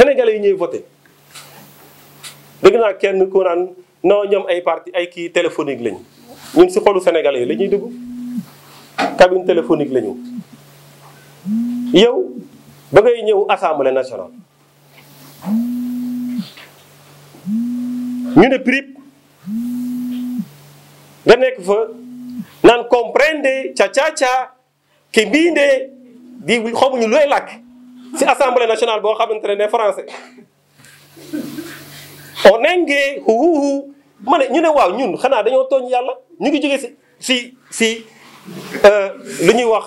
sénégalais yi ñuy voté dégg naa kenn ku naan non ñoom ay parti ay kii téléphonique lañu ñun si xolu sénégalais yi la ñuy dugg cabine téléphonique la ñu. yow ba ngay ñëw assemblée nationale ñu ne prip nga nekk fa naan comprendre ca ca ca ki mbii de di xamuñu looy làkk. si assemblée nationale boo xamante ne ne français onenge huuhu ma ne ñu ne waaw ñun xanaa dañoo tooñ yàlla ñu ngi jóge si si si lu ñuy wax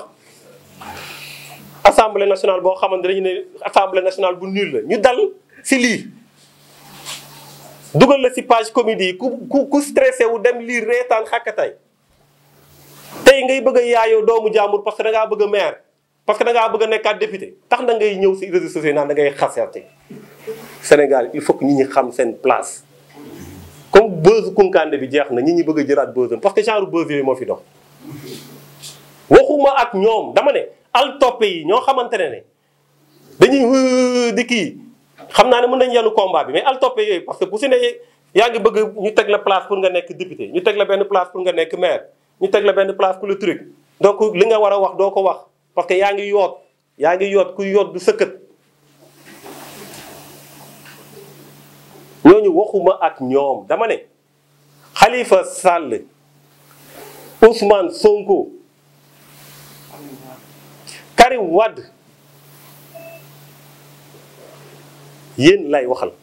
assemblée nationale boo xamante dañu ne assemblée nationale bu niir la ñu dal si lii dugal la si page comédie yi ku ku ku stressé dem liir reetaan xàkkatay tey ngay bëgg a yaayoo doomu jàmbur parce que da ngaa bëgg a meer parce que da bëgg a nekkaat député tax na ngay ñëw si réseaux sociaux naan da ngay Sénégal il faut que ñi ñi xam seen place comme buzz Kounkandé bi jeex na ñi ñi bëgg a jëlaat buzzam parce que genre buzz yooyu moo fi dox waxuma ak ñoom dama ne al toppe yi ñoo xamante ne ne dañuy di kii xam naa ne mën nañu yanu combat bi mais al toppe yooyu parce que bu si ne yaa ngi bëgg ñu teg la place pour nga nekk député ñu teg la benn place pour nga nekk maire ñu teg la benn place pour donc li nga war a wax doo ko wax parce que yaa ngi yoot yaa ngi yoot ku yoot du sëkkët ñooñu waxuma ak ñoom dama ne xalifa Sall Ousmane Sonko Karim Wade yéen lay waxal